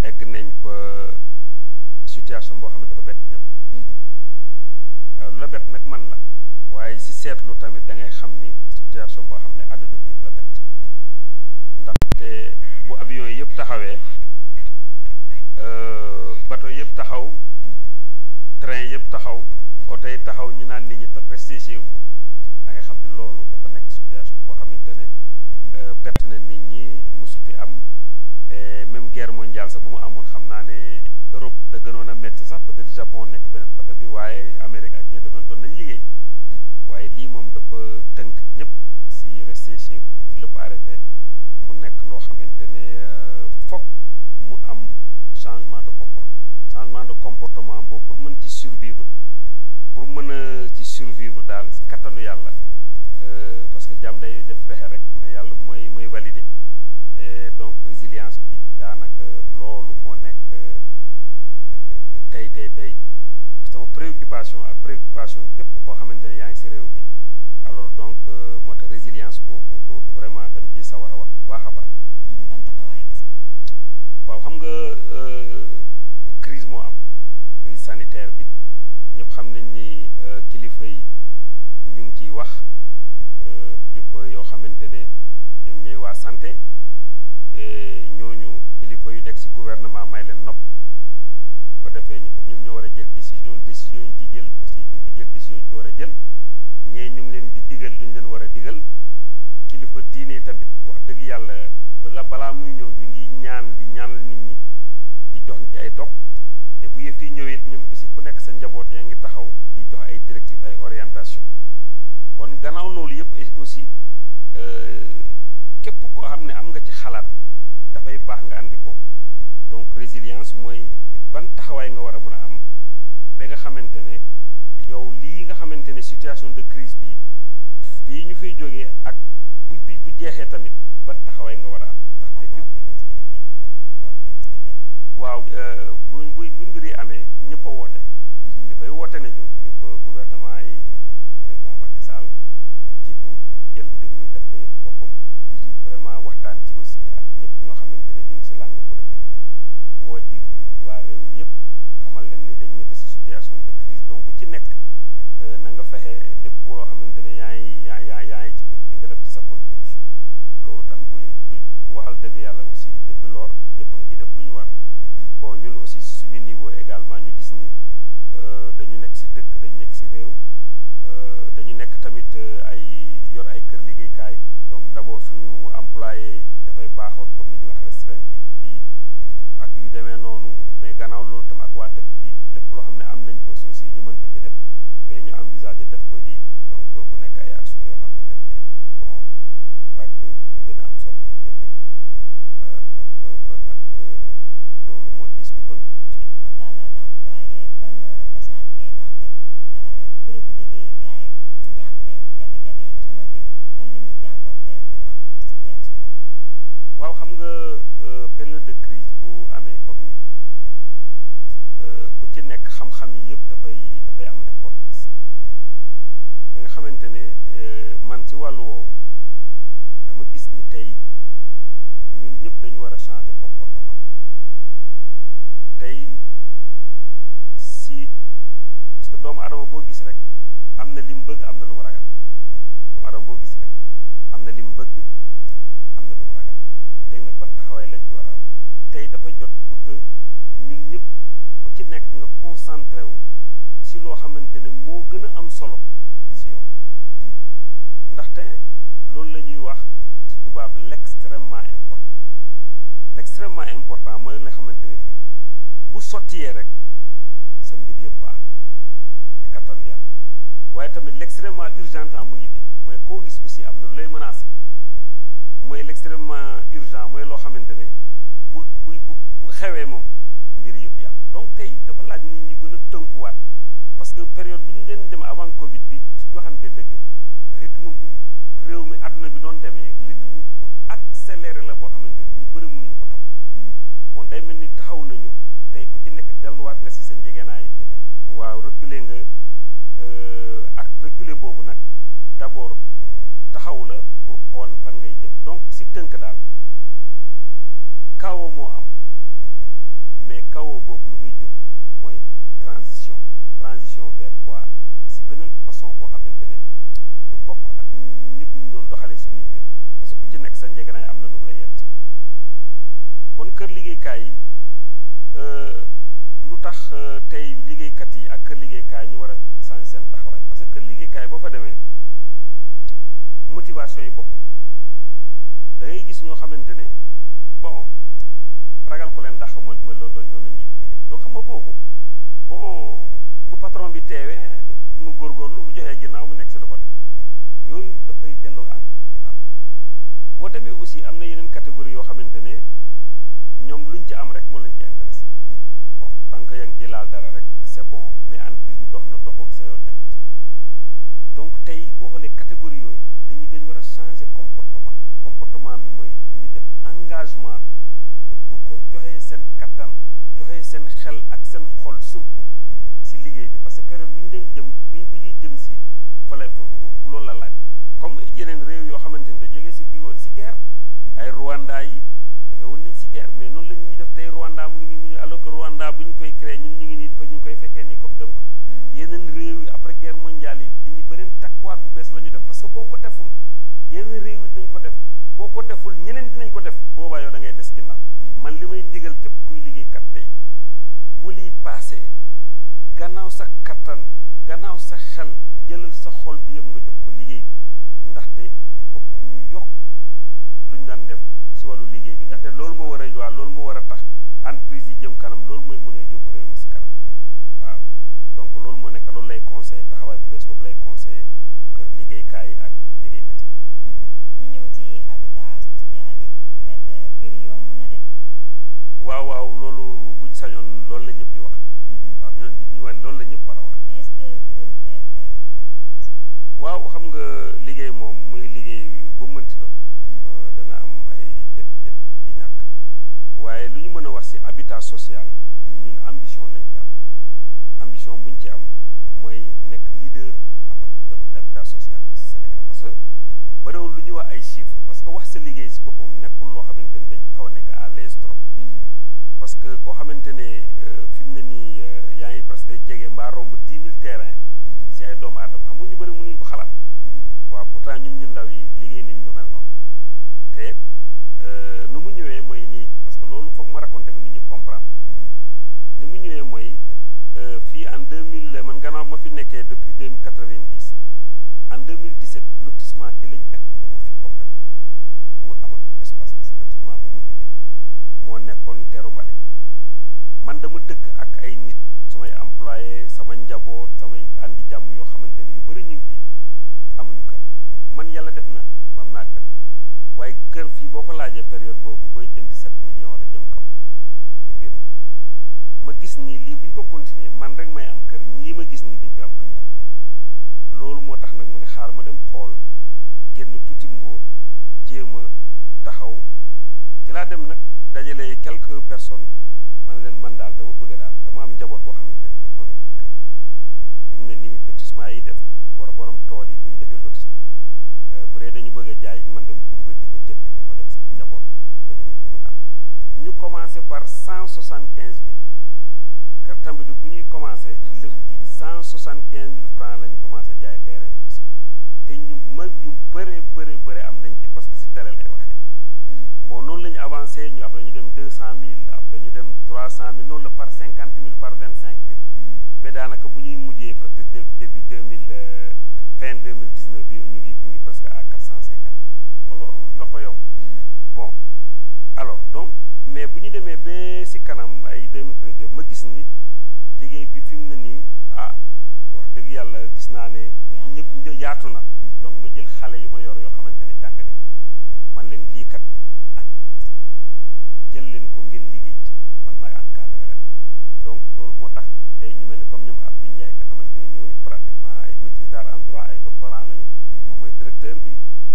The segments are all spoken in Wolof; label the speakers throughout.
Speaker 1: egg nañ fa situation boo xam ne dafa bett ñëpp mm-hmm. waaw nag man la waaye si seetlu tamit da ngay xam ni situation boo xam ne àdduna bi yëpp la bett ndaxte bu avion yëpp taxawee euh, bateau yëpp taxaw train yëpp taxaw oto yi taxaw ñu naan nit ñi restez chez vous da ngay xam ne loolu dafa nekk situation boo xamante ne perte euh, na nit ñi musu fi am guerre mondiale sax bu mu amoon xam naa ne Europe da gënoon a métti sax peut être Japon nekk beneen côté bi waaye Amérique ak ñi demoon doon nañ liggéey waaye lii moom dafa tënk ñëpp si rester chez vous lépp arrêté mu nekk loo xamante ne euh, fokk mu am changement de comportement changement de comportement boobu pour mën ci survivre pour mën a ci survivre daal si kattanu yàlla euh, parce que jàmm day def pexe rek mais yàlla mooy mooy valider. Euh, donc résilience bi daanaka loolu moo nekk tey tey tey sama préoccupation ak préoccupation képp koo xamante ne yaa ngi si réew mi alors donc euh, moo tax résilience boobu vraiment dañ ciy sawar a wax bu baax
Speaker 2: mm-hmm.
Speaker 1: waaw xam nga euh, crise moo am crise sanitaire bi ñëpp xam nañ ni kilifa yi ñu ngi ciy wax kilifa yoo xamante ne ñoom ñooy santé Euh, ñooñu kilifa yu nekk si gouvernement may leen nopp ko defee ñoom ñoo war a jël décision décision yi ci jël aussi ñu ngi décision yi ci war a jël ñee ñu ngi leen di digal lu ñu leen war a digal kilifa diine tamit wax dëgg yàlla bala balaa muy ñëw ñu ngi ñaan di ñaan nit ñi di jox ci ay dog te bu yëf yi ñëwee ñoom aussi ku nekk sa njaboot yaa ngi taxaw di jox ay directive ay orientation kon gannaaw loolu yëpp aussi euh, képp koo xam ne am nga ci xalaat dafay baax nga àndi ko donc résilience mooy ban taxawaay nga war a mën a am ba nga xamante ne yow lii nga xamante ne situation de crise bi fii ñu fiy jógee ak bu bu jeexee tamit ban taxawaay nga war a am waaw euh, bu bu bu mbiri amee ñëpp a woote
Speaker 3: mm-hmm.
Speaker 1: dafay woote ne ñu kilifa gouvernement yi président Macky Sall jiitu jël mbir mi def ko boppam mm-hmm. vraiment waxtaan ci aussi ñëpp ñoo xamante ne ñu ngi si langue politique bi woo ci waa réew mi yëpp xamal leen ni dañ nekk si situation de crise donc ku ci nekk euh, na nga fexe lépp loo xamante ne yaa ngi yaa yaa yaa ngi ci di nga def sa contribution loolu tam ku waxal dëgg yàlla aussi depuis lors ñëpp ngi def lu ñu war bon ñun aussi suñu niveau également ñu gis ni euh, dañu nekk si dëkk dañu nekk si réew euh, dañu nekk tamit ay yor ay kër liggéeykaay donc d'abord suñu employé période de crise bu amee comme ni euh, ku ci nekk xam-xam yi yëpp dafay dafay am importance da nga xamante ne euh, man ci wàllu woowu dama gis ni tey ñun ñëpp dañu war a changer comportement tey si parce que doomu adama boo gis rek am na li mu bëgg am na lu mu ragal doomu adama boo gis rek am na li mu bëgg yooyu nag ban taxawaay lañ ci tey dafa jot pour que ñun ñëpp ku ci nekk nga concentré wu si loo xamante ne moo gën a am solo si yow ndaxte loolu la ñuy wax ci tubaab l'extrêmement important l'extrêmement important mooy la xamante ne lii bu sottiyee rek sa mbir yëpp baax ci kattanu yàlla waaye tamit l'extrêmement urgent mu mooy koo gis aussi am na lu lay menacer mooy l'extrêmement urgent mooy loo xamante ne bu bu bu xewee moom mbir yëpp yàq donc tey dafa laaj nii ñi gën a tënkuwaat parce que période bu ñu leen dem avant Covid bi suñu waxante dëgg rythme bu réew mi àdduna bi doon demee mm-hmm. rythme bu accéléré la boo xamante ni ñu bëri mënuñu ko topp mm-hmm. bon day mel ni taxaw nañu tey ku ci nekk delluwaat nga si sa njegenaay mm-hmm. waaw reculer nga euh, ak reculer boobu nag d'abord taxaw la pour xool fan ngay jëm donc si tënk daal kawo moo am mais kawo boobu lu muy jóg mooy transition transition vers quoi si beneen façon boo xamante ne du bokk ak ñu ñëpp ñu doon doxalee suñuy mbir parce que ku ci nekk sa njëganaay am na lu mu la yett kon kër liggéeykaay yi euh, lu tax euh, tey liggéeykat yi ak kër liggéeykaay ñu war a changer seen taxawaay parce que kër liggéeykaay boo fa demee motivation yi bokk da ngay gis ñoo xamante ne bon ragal ko leen dàq mooy mooy loolu loolu ñoom la ñuy donc xam nga kooku bon bu patron bi teewee mu góorgóorlu bu joxee ginnaaw mu nekk si lu ko def yooyu dafay delloo en boo demee aussi am na yeneen catégorie yoo xamante ne ñoom luñ ci am rek moo lañ ci intéressé bon tant que yaa ngi ciy laal dara rek c'est bon mais entreprise bi dox na doxul sa yoon nekk donc tey boo xoolee catégorie yooyu dañuy dañu war a changer comportement comportement bi mooy ñu def engagement du ko joxe seen kattan joxe seen xel ak seen xol surtout si liggéey bi parce que période bu ñu leen jëm bu ñuy jëm si fële loolu la laaj comme yeneen réew yoo xamante ni da jógee si woon si guerre ay Rwanda yi jóge woon nañ si guerre mais noonu la ñuy def tey Rwanda mu ngi nii mu ñu alors que Rwanda bu ñu koy créé ñun ñu ngi nii dafa ñu ngi koy fekkee nii comme dem yeneen boo ko deful ñeneen dinañ ko def boobaa yow da ngay des ginnaaw mm-hmm. man li may digal képp kuy liggéeykat tey bu liy paasee gannaaw sa kattan gannaaw sa xel jëlal sa xol bi yëpp nga jox ko liggéey ndaxte il faut que ñu yokk def si wàllu liggéey bi ndaxte loolu moo war a waa loolu moo war a tax entreprise yi jëm kanam loolu mooy mën a yóbbu réew mi si kanam waaw donc loolu moo nekk loolu lay conseillé taxawaay bu bees boobu lay conseillé kër liggéeykaay ak liggéeykat yi.
Speaker 2: Mm-hmm. ñu ñëw
Speaker 1: waaw waaw loolu buñ sañoon loolu la ñëpp di wax. waaw ñun ñu wane loolu la ñëpp war a wax. waaw xam nga liggéey moom muy liggéey bu mënti doon. Euh, dana am ay jafe-jafe ci ñàkk. waaye lu ñu mën a wax ci habitat social ñun ambition lañ ci am ambition buñ ci am mooy nekk leader en matière d'habitat social ci Sénégal parce bariwul lu ñuy wax ay chiffres parce que wax sa liggéey si boppam nekkul loo xamante ne dañu xaw a nekk à trop mm-hmm. parce que koo xamante ne euh, fi mu ne nii euh, yaa ngi presque jege mbaa romb dix mille terrain mm-hmm. si ay doomu aadama xam nga ñu bëri mënuñu ko xalaat mm-hmm. waaw pourtant ñun ñu ndaw yi liggéey nañ lu mel noonu te euh, nu mu ñëwee mooy nii parce que loolu foog ma raconté ko nit ñu comprendre ni mu ñëwee mooy fii en deux mille man gannaaw ma fi nekkee depuis deux mille quatre-vingt-dix en 2017 lotissement ci lañ def mu fi problème bu amal espace parce que lotissement bu mujj bi moo nekkoon teeru mbali man dama dëkk ak ay nit samay employé sama njaboot samay àndi jàmm yoo xamante yu bëri ñu fi amuñu kër man yàlla def na am naa kër waaye kër fii période jënd millions la jëm kaw ma gis ko continuer man rek may am kër ma gis am kër loolu moo tax nag ma ne xaar ma dem xool génn tuuti mbuur jéem a taxaw ci laa dem nag dajale quelque personnes ma ne leen man daal dama bëgg daal dama am njaboot boo xamante ne fi mu ne nii lotissement yi def war borom tool yi bu ñu defee lotissement euh, bu dee dañu bëgg jaay man dama ko bëgg a di ko jënd di ko njaboot ñu commencé par cent soixante quinze mille kartam bi du buñu commencé 175 000 francs lañ commencé jaay terrain té ñu ma ñu béré béré béré am nañ ci parce que ci télé lay wax
Speaker 3: mm-hmm.
Speaker 1: bon non lañ avancé ñu après ñu dem 200.000, 000 après ñu dem 300.000, 000 non le par 50 000 par 25 000 mm-hmm. mais danaka buñuy mujjé parce que début 2000 euh, fin 2019 bi ñu ngi ngi presque à 450 bon lolu dafa yom
Speaker 3: mm-hmm.
Speaker 1: bon alors donc mais buñu démé bé ci kanam ay 2013 ma gis bi fi mu ne nii ah wax dëgg yàlla gis naa ne ñëpp yaatu na donc ma jël xale yu ma yor yoo xamante ne jàng nañ man leen lii kat jël leen ko ngeen liggéey man maay encadré rek donc loolu moo tax tey ñu mel ni comme ñoom Abdou Ndiaye nga xamante ne ñooñu pratiquement ay maîtrisards en droit ay doctorants lañu mm-hmm. moom mooy directeur bi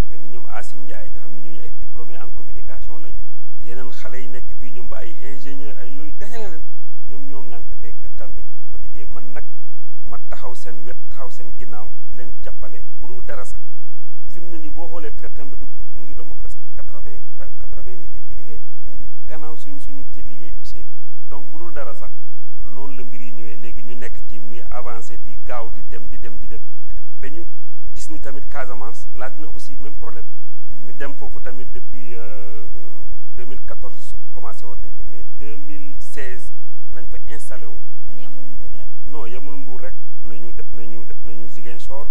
Speaker 1: mel ni ñoom Asim Ndiaye nga xam ne ñooñu ay diplômés en communication lañu yeneen xale yi nekk taxaw seen wet taxaw seen ginnaaw leen jàppale bu dul dara sax fi mu ne nii boo xoolee traitement bi du mu ngi doon presque quatre-vingt quatre-vingt nit di liggéey gannaaw suñ suñu ci liggéey bi donc bu dul dara sax noonu la mbir yi ñëwee léegi ñu nekk ci muy avancer di gaaw di dem di dem di dem ba ñu gis ni tamit Casamance laaj na aussi même problème ñu dem foofu tamit depuis 2014 euh, su commencé woon nañ ko mais 2016 lañ fa installé wu. non yemul nañu def nañu def nañu Ziguinchor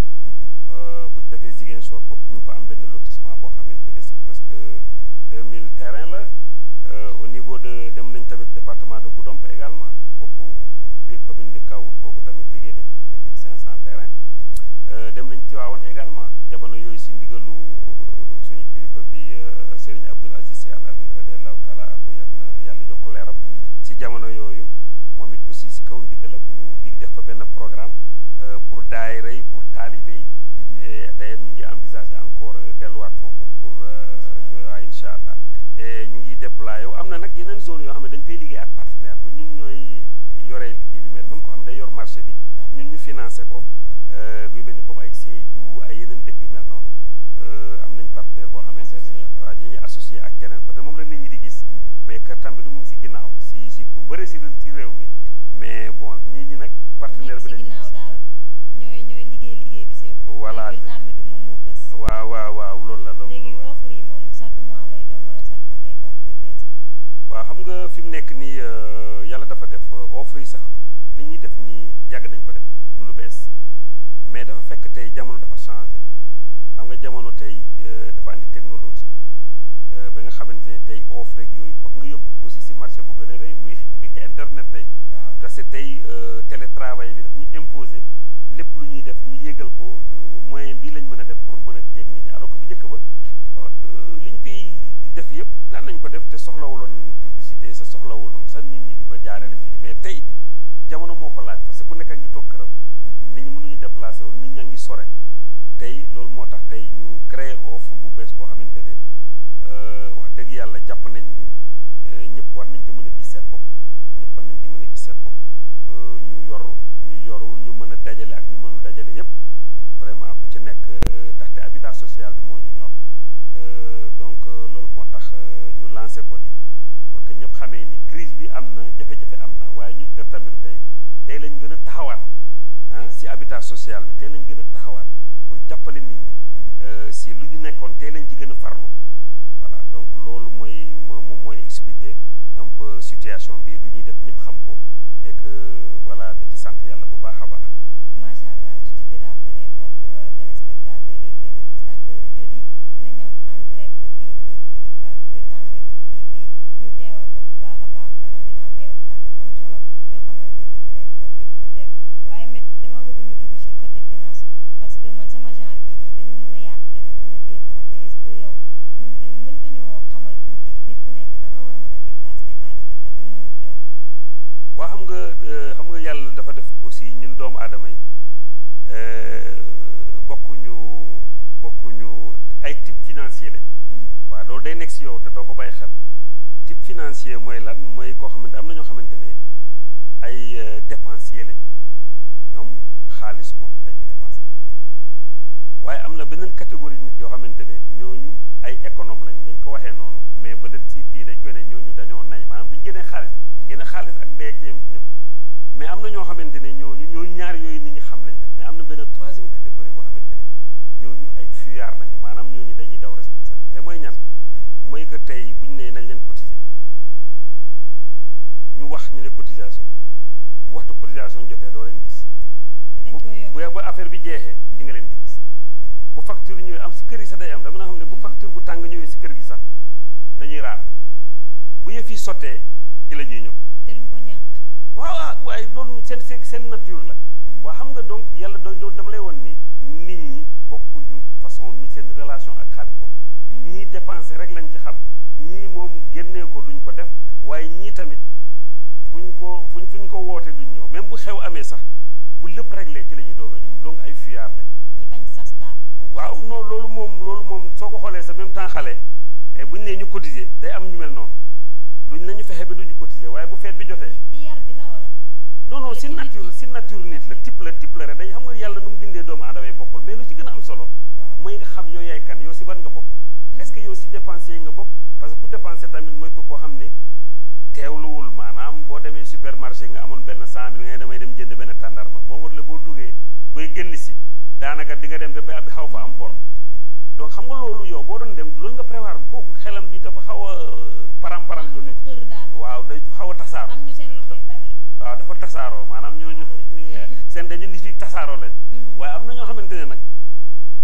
Speaker 1: bu ñu defee Ziguinchor foofu ñu fa am benn lotissement boo xamante ne si presque deux mille terrain la au niveau de dem nañ tamit département de Goudomp également foofu biir commune de Kaw foofu tamit liggéey nañ depuis cinq cent terrain dem nañ ci waawoon également jamono yooyu si ndigalu suñu kilifa bi Serigne Abdoul Aziz Sy Al Amine radiallahu taala anhu yal na yàlla yokk leeram si jamono yooyu moom it aussi si kaw ndigalam ñu li def fa benn programme pour daayira rey pour taalibe yi d'ailleurs ñu ngi envisager encore euh, delluwaat foofu pour euh, waaw incha allah ñu ngi déployer am na nag yeneen zone yoo xam ne dañ fay liggéey ak partenaire bu ñun ñooy yoree kii bi mais dafa am ko xam ne day yor marché bi ñun ñu financé ko euh, yu mel ni comme ay CIU ay yeneen dëkk yu mel noonu am nañ partenaire boo xamante ne waaw ñu associé ak keneen parce que moom la nit ñi di gis mm. mais Kartambi du mu ngi si ginnaaw si si bu bëri si si réew mi mais bon ñii ñi nag partenaire bi lañu
Speaker 2: ñooy liggéey liggéey bi si ëpp. voilà moom moo gës. waaw waaw
Speaker 1: waaw loolu la donc. léegi offre
Speaker 2: yi moom chaque mois lay doon wala chaque année
Speaker 1: xam nga fi mu nekk nii euh, yàlla dafa def euh, offre yi sax li ñuy def nii yàgg nañ ko def du lu bees mais dafa fekk tey jamono dafa changé xam nga jamono tey euh, dafa andi technologie. ba nga xamante ne tey offre rek yooyu foog nga yóbbu aussi si marché bu gën a rëy muy muy internet tey parce que tey télétravail bi dafa ñu imposé lépp lu ñuy def ñu yégal ko moyen bii lañ mën def pour mën a yéeg nit ñi alors que bu njëkk ba euh, liñ fiy def yëpp daan nañ ko def te soxlawuloon publicité sa soxlawuloon sa nit ñi di ko jaarale fii mais tey jamono moo ko laaj parce que ku nekk a ngi toog këram nit ñi mënuñu déplacé wu nit ñaa ngi sore tey loolu moo tax tey ñu of offre bu bees boo xamante ne euh, wax dëgg yàlla jàpp nañ ni euh, ñëpp war nañ ci mën a gis seen bopp ñëpp war nañ ci mën gis seen bopp ñu yor ñu yorul ñu ndaxte habitat social bi moo ñu ñor euh, donc euh, loolu moo tax euh, ñu lancé ko ni pour que ñëpp xamee ni crise bi am na jafe-jafe am na waaye ñun Kër Tambadou tey tey lañ gën a taxawaat ah si habitat social bi tey lañ gën a taxawaat pour jàppale nit ñi si lu ñu nekkoon tey lañ ci gën a farlu voilà donc loolu mooy moom mooy expliquer un peu bi lu ñuy def que tey bu ñu nee nañ leen cotiser ñu wax ñu ne cotisation bu waxtu cotisation jotee doo leen gis. bu bu affaire bi jeexee di nga leen di gis bu facture ñëwee am si kër gi sax day am dama na xam ne bu mm. facture bu tàng ñëwee si kër gi sax dañuy raar bu yëf yi sottee ci la ñuy ñëw. te duñ ko ñaan. waaw ah waaye loolu seen seen seen nature la. Mm-hmm. waa xam nga donc yàlla loolu dama lay won ni nit ñi bokkuñu façon ni seen relation ak xaalis boobu. ñii dépensé rek lañ ci xam ñii moom génnee ko duñ ko def waaye ñii tamit fuñ ko fuñ fuñ ko woote duñ ñëw même bu xew amee sax bu lépp réglé ci la ñuy doog a ñëw donc ay fuyaar la waaw loolu moom loolu moom soo ko xoolee sa même temps xale buñ nee ñu cotiser day am ñu mel noonu duñ nañu fexe ba duñu cotiser waaye bu feet bi jotee non non si nature si nature nit la type la type la rek dañ xam nga yàlla nu mu bindee doomu aadama bokkul mais ci gën a am solo mooy nga xam yooy yaay kan yow si ban nga bokk est-ce que yow ci dépenser nga bopp parce que ku dépenser tamit moy ko ko xamné ne manam bo démé supermarché nga amone ben 100000 ngay damay dem jënd ben tandarma bo war la boo duggee booy génn ci daanaka di nga dem ba ba xaw fa am bor donc xam nga lolu yow bo doon dem lool nga prévoir ko xélam bi dafa xaw a param-param tuuti waaw dafa xaw a tasaaro waaw dafa tassaro manam ñoo ñu seen dañu nit yi tassaro lañ mm-hmm. waaye am na ño xamante nak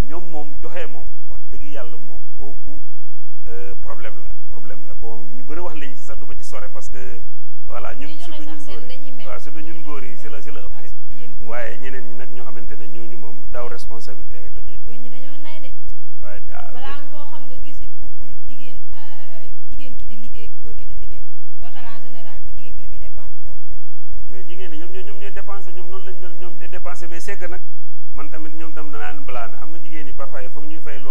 Speaker 1: ñom mom joxé mom dëgg yàlla moom kooku euh, problème la problème la bon ñu bëri wax lañ ci sax du ma ci sore parce que voilà ñun surtout ñun góor yi waaw surtout ñun góor yi si la si la ëppee waaye ñeneen ñi nag ñoo xamante ne ñooñu moom daaw responsabilité rek la ñuy mais c'est que nag man tamit ñoom tam danaan blâmer xam nga jigéen ñi parfois il faut ñuy fay loolu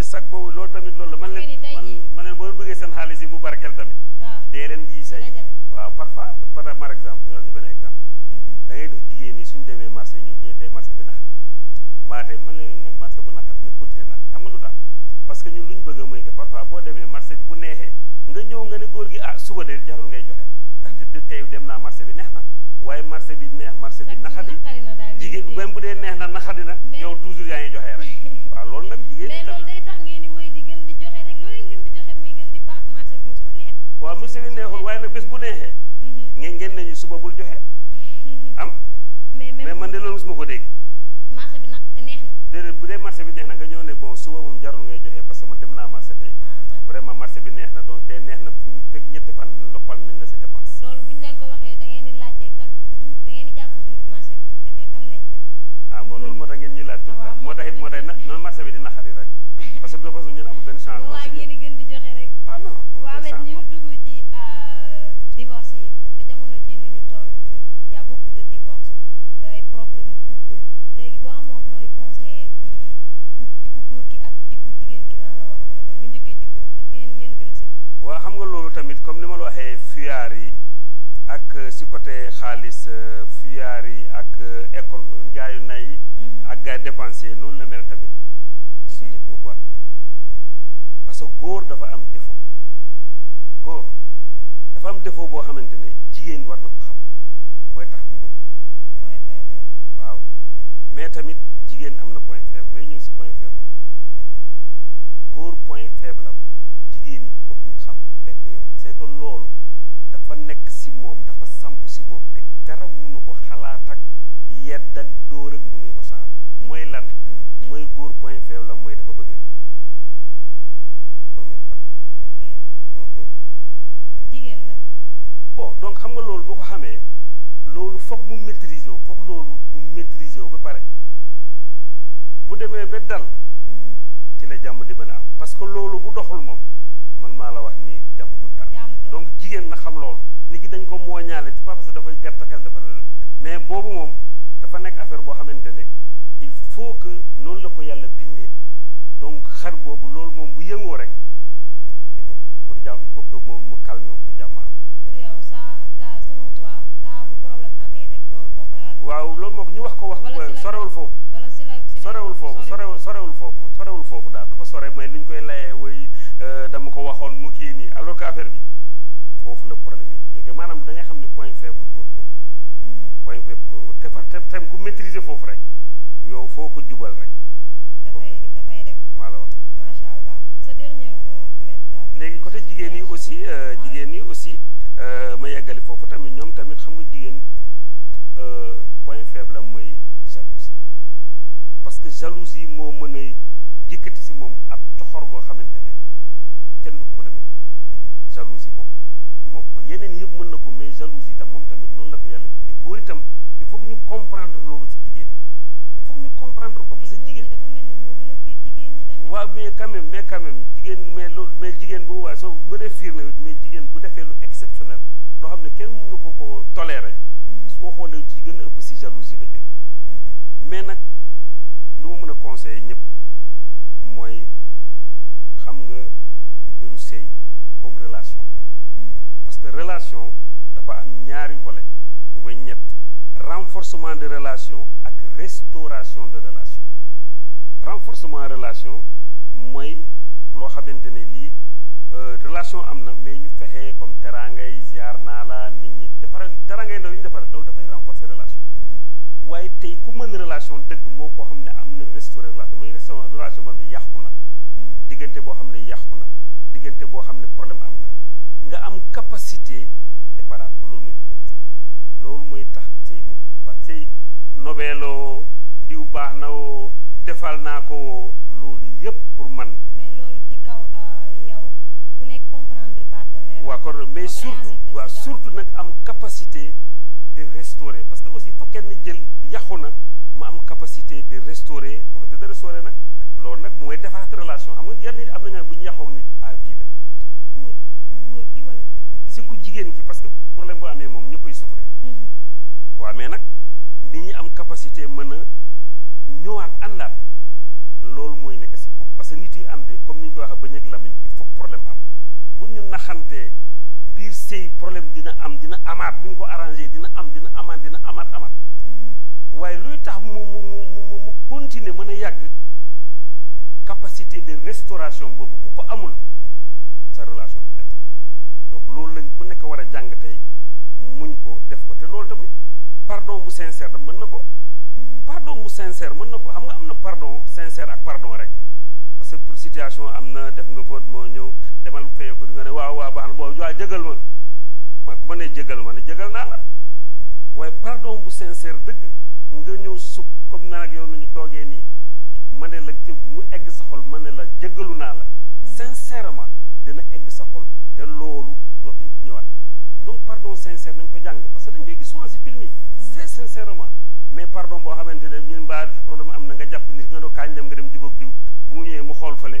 Speaker 1: ne sax boobu loolu tamit loolu la man leen man man leen boo bëggee seen xaalis yi mu barkeel tamit dee leen yi say waaw parfois par par exemple ñu benn exemple mhm. da ngay def jigéen yi suñu demee marché ñu ñëw tey marché bi nax mbaatee man leen nag marché bu naxar nekkul te nax xam nga lu tax parce ñun lu ñu bëgg mooy que parfois boo demee marché bi bu neexee nga ñëw nga ne góor gi ah suba de jarul ngay joxe ndaxte tey dem naa marché bi neex na waaye marché bi neex marché bi naxadi
Speaker 2: jigéen même bu dee neex
Speaker 1: na naxadi na yow toujours yaa ngi joxe rek waaw loolu nag jigéen ñi xam nga si li neexul waaye nag bés bu neexee. ngeen ngeen nañu suba bul joxe.
Speaker 2: am mais man de loolu ma ko dégg. marché bi nag neex na.
Speaker 1: déedéet bu dee marché bi neex na nga ñëw ne bon suba moom jarul. point faible mais si point faible góor point faible la jigéen ñi foog ñu xam benn loolu dafa nekk si moom dafa samp si moom te dara mënu ko xalaat ak yedd ak dóor ak mënuñu ko changé mooy lan mooy góor point faible la mooy dafa bëgg jigéen nag bon donc xam nga loolu boo ko xamee loolu foog mu maîtriser wu foog loolu mu maîtriser wu ba pare bu démé bé dal ci la jamm di bëna am parce que loolu bu doxul mom man ma la wax ni jamm bu ta donc jigen na xam loolu nit ki dañ ko moñalé pas parce que dafay gàtt xel dafa la mais boobu moom dafa nek affaire bo xamantene il faut que non la ko yalla bindé donc xar bobu loolu mom bu yëngo rek pour jàmm il faut que mom mu calme pour jàmm am waaw loolu moo ko ñu wax ko wax sorewul foofu
Speaker 2: sorewul foofu sorewul
Speaker 1: sorewul foofu sorewul foofu daal dafa sore mais li ñu koy layee woy euh, dama ko waxoon mu kii nii alors que affaire bi foofu la problème yi jógee maanaam da nga xam ne point faible góor foofu point faible góor te fa ku maîtriser foofu yow foo ko jubal rek
Speaker 2: dafay dafay la wax macha allah sa
Speaker 1: léegi côté jigéen yi aussi euh, ah. jigéen yi aussi euh, ma yeggali foofu tamit ñoom tamit xam nga jigéen point faible am mooy parce que jalousie mo mën a ci mom moom ab coxor goo xamante kenn du ko mën a jalousie bop moo ko yeneen yëpp mën na ko mais jalousie tam mom tamit non la ko yalla bindee góor itam il faut que ñu comprendre lolu si jigéen il faut ñu comprendre ko parce que jigéen wa mais quand même mais quand même jigéen mais loolu mais jigéen bu wa so mënee fiir na mais jigéen bu defee lu exceptionnel loo xam kenn mënu ko ko toléré mm-hmm. soo xoolee ci gën ëpp ci jalousie la mm-hmm. mais nak ma mën a moi, ñëpp mooy xam nga comme relation parce que relation dafa am ñaari volet ba renforcement de relation ak restauration de relation renforcement relation mooy loo xamante ne euh, relation amna mais ñu fexé comme terangay ziar naa la nit ñi defaral terangay no ñu defaral loolu dafay renforcer relation waaye tey ku mën relation dëgg moo koo xam ne am na restauré relation mooy restauré relation boo xam ne yàqu na diggante boo xam ne yàqu na diggante boo xam ne problème am na nga am capacité déparaat ko loolu mooy mooy tax sëy mu far sëy nobeeloo diw baax na woo defal naa ko woo loolu yëpp pour man euh, waa kon mais surtout waa surtout nag am capacité restaurer parce que aussi foog kenn jël yàqu na ma am capacité de restaurer capacité de restaurer nag loolu nag mooy defaat relation am nga yar nit am na nga bu ñu yàqoog nit à si ku jigéen ki parce que problème bu amee moom ñëppay souffrir
Speaker 2: mm-hmm.
Speaker 1: waaw mais nag nit ñi am capacité mën a ñëwaat àndaat loolu mooy nekk si parce que nit yi ànd comme ni ñu ko waxee ba ñëg lamiñ il faut problème am bu ñu naxantee biir sëy problème dina am dina amaat bu ko arrangé dina am dina amaat dina amaat amaat waaye luy tax mu mu mu mu continuer mën a yàgg capacité de restauration boobu ku ko amul sa relation donc loolu lañ ku nekk war a jàng tey muñ ko def ko te loolu tamit pardon bu sincère mën na ko pardon bu sincère mën na ko xam nga am na pardon sincère ak pardon rek parce que pour situation am na def nga vote moo ñëw demal fee waa jégal ma ma ku ma nee jégal ma ne jégal naa la waaye pardon bu sincère dëgg nga ñëw su comme naa ak yow nu ñu toogee nii ma ne la te mu egg sa xol ma ne la jëggalu naa la sincèrement dina egg sa xol te loolu dootuñ ñëwaat donc pardon sincère nañ ko jàng parce que dañ koy gis souvent si film yi c'est sincèrement mais pardon boo xamante ne ñun mbaa problème am na nga jàpp ni nga doo kaañ dem nga dem jubóog diw bu mu ñëwee mu xool fale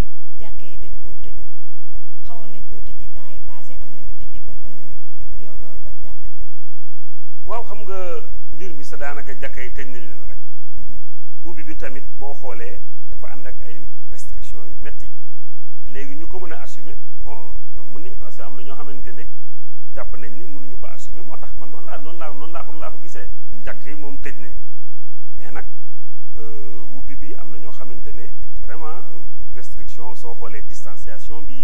Speaker 2: yi yi dañ koo tëjul xawoon nañ koo tëji yi passé am nañu tëji kon am nañu tëjul yow loolu ba jàkka
Speaker 1: waaw xam nga mbir mi sa daanaka jàkka yi tëj nañ leen rek mm-hmm. ubbi bi tamit boo xoolee dafa ànd ak ay restriction yu métti léegi ñu ko mën a assumer bon mën nañu ko assumer am na ñoo xamante ne jàpp nañ ni mënuñu ko assumer moo tax man noonu laa noonu laa noonu laa ko laa gisee mm-hmm. jàkka yi moom tëj nañ mais nag euh, ubbi bi am na ñoo xamante ne vraiment restriction so xolé distanciation bi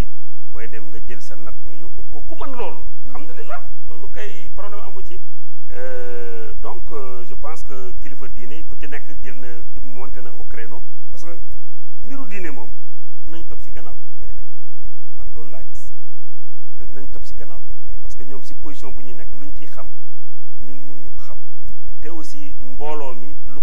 Speaker 1: boy dem nga jël sa nat nga yóbbu ko ku mën loolu mm-hmm. alhamdulilah loolu kay problème amu ci euh donc euh, je pense que kilifa diine ku ci nek jël na monter na au créneau parce que mbiru diine mom nañ top ci gannaaw man loolu laa gis nañ top ci gannaaw parce que ñom ci position bu ñuy nekk luñ ci xam ñun mënuñu ko xam té aussi mbolo mi lu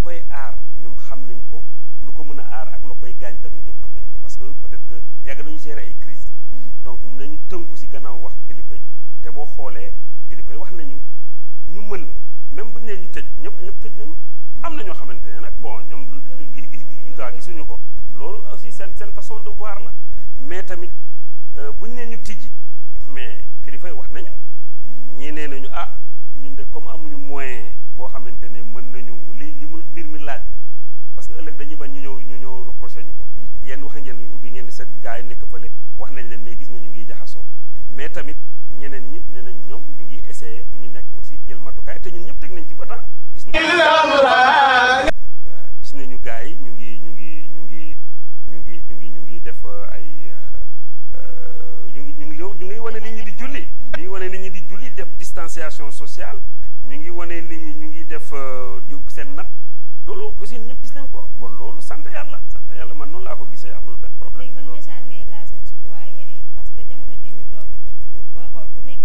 Speaker 1: nit ñi ñu ngi def jub euh, seen nat loolu aussi ñëpp gis nañ ko bon loolu sant yàlla sant yàlla man noonu laa ko gisee amul benn problème.
Speaker 2: léegi ban message ngay lancé yi parce que jamono ji ñu toll nii booy xool am na ci xam ne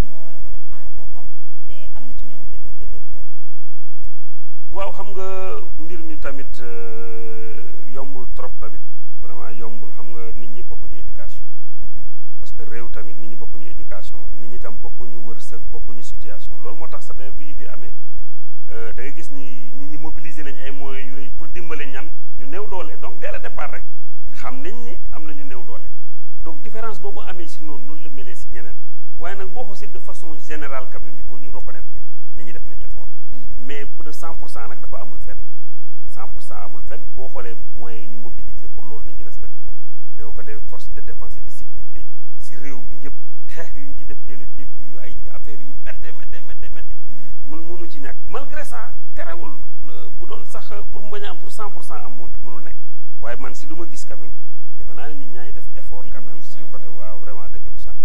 Speaker 1: du dëgër mi tamit euh, yombul trop tamit vraiment yombul xam nga nit ñi bokkuñu éducation mm-hmm. parce que réew tamit nit ñi bokkuñu éducation nit ñi tam bokkuñu wërsëg bokkuñu situation loolu moo tax sa dayoo bi fi amee. Euh, da nga gis ni nit ñi mobiliser nañ ay moyens yu rëy pour dimbale ñan ñu new doole donc dès le départ rek xam nañ ni am na ñu new doole donc différence boobu amee si noonu noonu la melee si ñeneen waaye nag boo ko si de façon général quand même il faut ñu reconnaître ni ñi def nañ effort mm-hmm. mais pour de cent pour cent nag dafa amul fenn cent pour cent amul fenn boo xoolee moyens yi ñu mobiliser pour loolu nit ñi respecté ko yow ko les forces de défense et de si réew mi yëpp xeex yu ñu ci def dès le début ay ci ñàkk malgré ça terewul euh, bu doon sax euh, pour mu bañ a am pour cent am man si lu gis quand même defe naa nit ñaa def effort quand même si côté waaw vraiment dëgg bi sax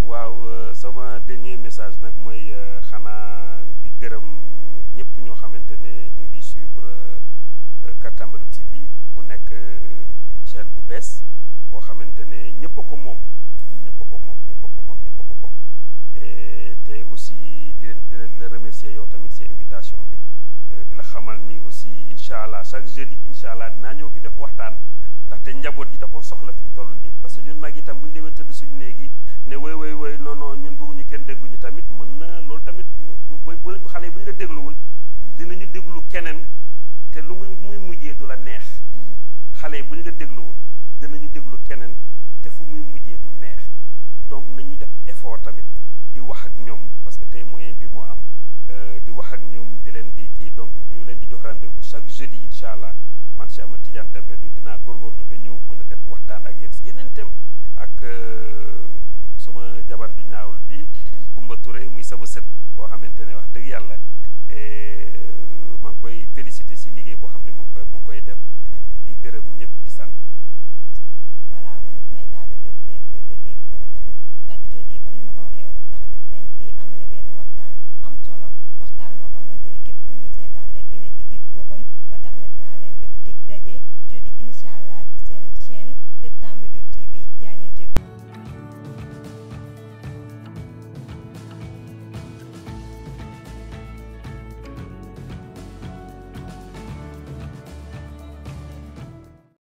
Speaker 1: waaw euh, sama dernier message nag mooy xanaa di gërëm ñëpp ñoo xamante ne ñu ngi suivre Kartambadou TV mu nekk chaîne bu bees boo xamante ne ñëpp a ko mom. ñëpp ko ñëpp ko te aussi di di leen la remercier yow tamit ci invitation bi euh, di la xamal ni aussi incha allah chaque jeudi incha allah dinaa ñëw fi def waxtaan ndaxte njaboot gi dafa soxla fi ñu toll nii parce que ñun mag itam bu ñu demee tëdd suñu néegi ne way way way non non ñun bëgguñu kenn dégguñu tamit mën na loolu tamit bu xale yi bu ñu la dégluwul dinañu déglu keneen te lu muy mujjee du la neex xale yi bu ñu la dégluwul dinañu déglu keneen te fu muy mujjee neex donc nañu def effort tamit. di wax ak ñoom parce que tey moyen bi moo am euh, di wax ak ñoom di leen di kii donc ñu leen di jox rendez-vous chaque jeudi incha allah man si ama Tidiane Tembe du dinaa góorgóorlu ba ñëw mën a def waxtaan ak yéen si yeneen thème ak euh, sama jabar ju ñaawul bi Kumba Touré muy sama sët boo xamante